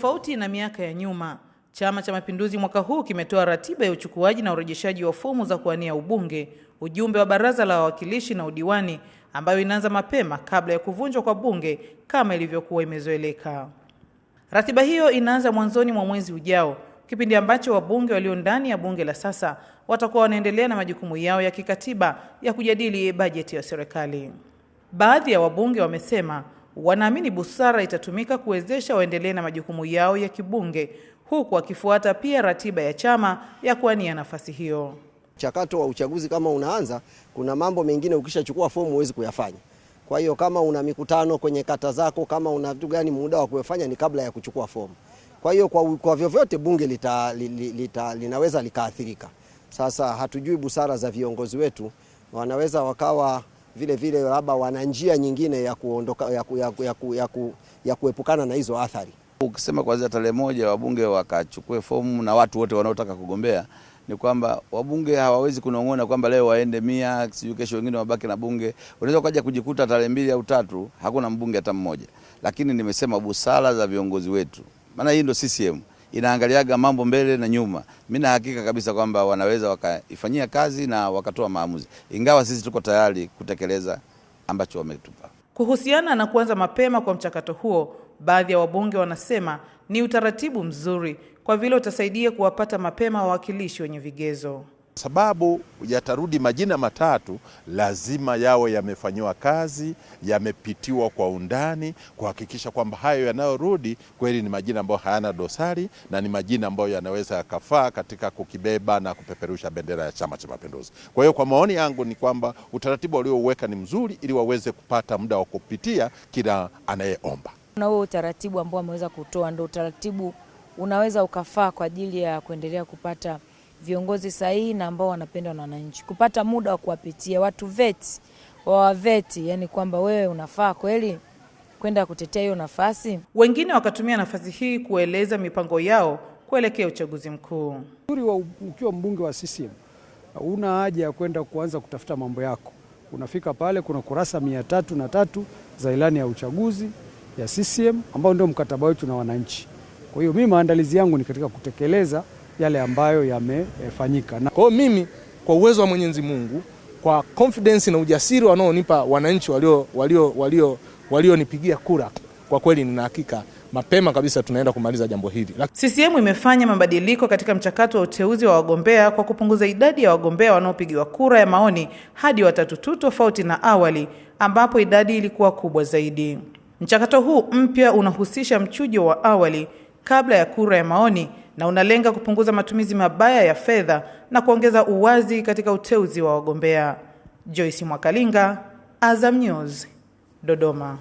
Tofauti na miaka ya nyuma, Chama cha Mapinduzi mwaka huu kimetoa ratiba ya uchukuaji na urejeshaji wa fomu za kuwania ubunge, ujumbe wa baraza la wawakilishi na udiwani, ambayo inaanza mapema kabla ya kuvunjwa kwa bunge kama ilivyokuwa imezoeleka. Ratiba hiyo inaanza mwanzoni mwa mwezi ujao, kipindi ambacho wabunge walio ndani ya bunge la sasa watakuwa wanaendelea na majukumu yao ya kikatiba ya kujadili bajeti ya serikali. Baadhi ya wabunge wamesema wanaamini busara itatumika kuwezesha waendelee na majukumu yao ya kibunge huku wakifuata pia ratiba ya chama ya kuania nafasi hiyo. Mchakato wa uchaguzi kama unaanza, kuna mambo mengine ukishachukua fomu huwezi kuyafanya. Kwa hiyo kama una mikutano kwenye kata zako, kama una vitu gani, muda wa kuyafanya ni kabla ya kuchukua fomu. Kwa hiyo kwa, kwa vyovyote bunge lita, lita, lita, linaweza likaathirika. Sasa hatujui busara za viongozi wetu, wanaweza wakawa vile vile labda wana njia nyingine ya kuondoka, ya, ku, ya, ku, ya, ku, ya, ku, ya kuepukana na hizo athari. Ukisema kuanzia tarehe moja wabunge wakachukue fomu na watu wote wanaotaka kugombea ni kwamba wabunge hawawezi kunong'ona kwamba leo waende mia sijui kesho wengine wabaki na bunge. Unaweza ukaja kujikuta tarehe mbili au tatu hakuna mbunge hata mmoja, lakini nimesema busara za viongozi wetu, maana hii ndio CCM inaangaliaga mambo mbele na nyuma. Mimi na hakika kabisa kwamba wanaweza wakaifanyia kazi na wakatoa maamuzi, ingawa sisi tuko tayari kutekeleza ambacho wametupa. Kuhusiana na kuanza mapema kwa mchakato huo, baadhi ya wabunge wanasema ni utaratibu mzuri kwa vile utasaidia kuwapata mapema wawakilishi wenye vigezo sababu yatarudi majina matatu, lazima yawe yamefanyiwa kazi, yamepitiwa kwa undani kuhakikisha kwamba hayo yanayorudi kweli ni majina ambayo hayana dosari na ni majina ambayo yanaweza yakafaa katika kukibeba na kupeperusha bendera ya Chama cha Mapinduzi. Kwa hiyo, kwa maoni yangu ni kwamba utaratibu waliouweka ni mzuri, ili waweze kupata muda wa kupitia kila anayeomba, na huo utaratibu ambao wameweza kutoa ndio utaratibu unaweza ukafaa kwa ajili ya kuendelea kupata viongozi sahihi na ambao wanapendwa na wananchi, kupata muda wa kuwapitia watu veti wawaveti, yani kwamba wewe unafaa kweli kwenda kutetea hiyo nafasi. Wengine wakatumia nafasi hii kueleza mipango yao kuelekea uchaguzi mkuu. Uzuri wa ukiwa mbunge wa CCM una haja ya kwenda kuanza kutafuta mambo yako. Unafika pale, kuna kurasa mia tatu na tatu za ilani ya uchaguzi ya CCM ambao ndio mkataba wetu na wananchi. Kwa hiyo mimi maandalizi yangu ni katika kutekeleza yale ambayo yamefanyika. Kwa hiyo mimi kwa uwezo wa Mwenyezi Mungu, kwa confidence na ujasiri wanaonipa wananchi walio walio walionipigia kura, kwa kweli nina hakika mapema kabisa tunaenda kumaliza jambo hili. CCM imefanya mabadiliko katika mchakato wa uteuzi wa wagombea kwa kupunguza idadi ya wagombea wanaopigiwa kura ya maoni hadi watatu tu, tofauti na awali ambapo idadi ilikuwa kubwa zaidi. Mchakato huu mpya unahusisha mchujo wa awali kabla ya kura ya maoni na unalenga kupunguza matumizi mabaya ya fedha na kuongeza uwazi katika uteuzi wa wagombea. Joyce Mwakalinga, Azam News, Dodoma.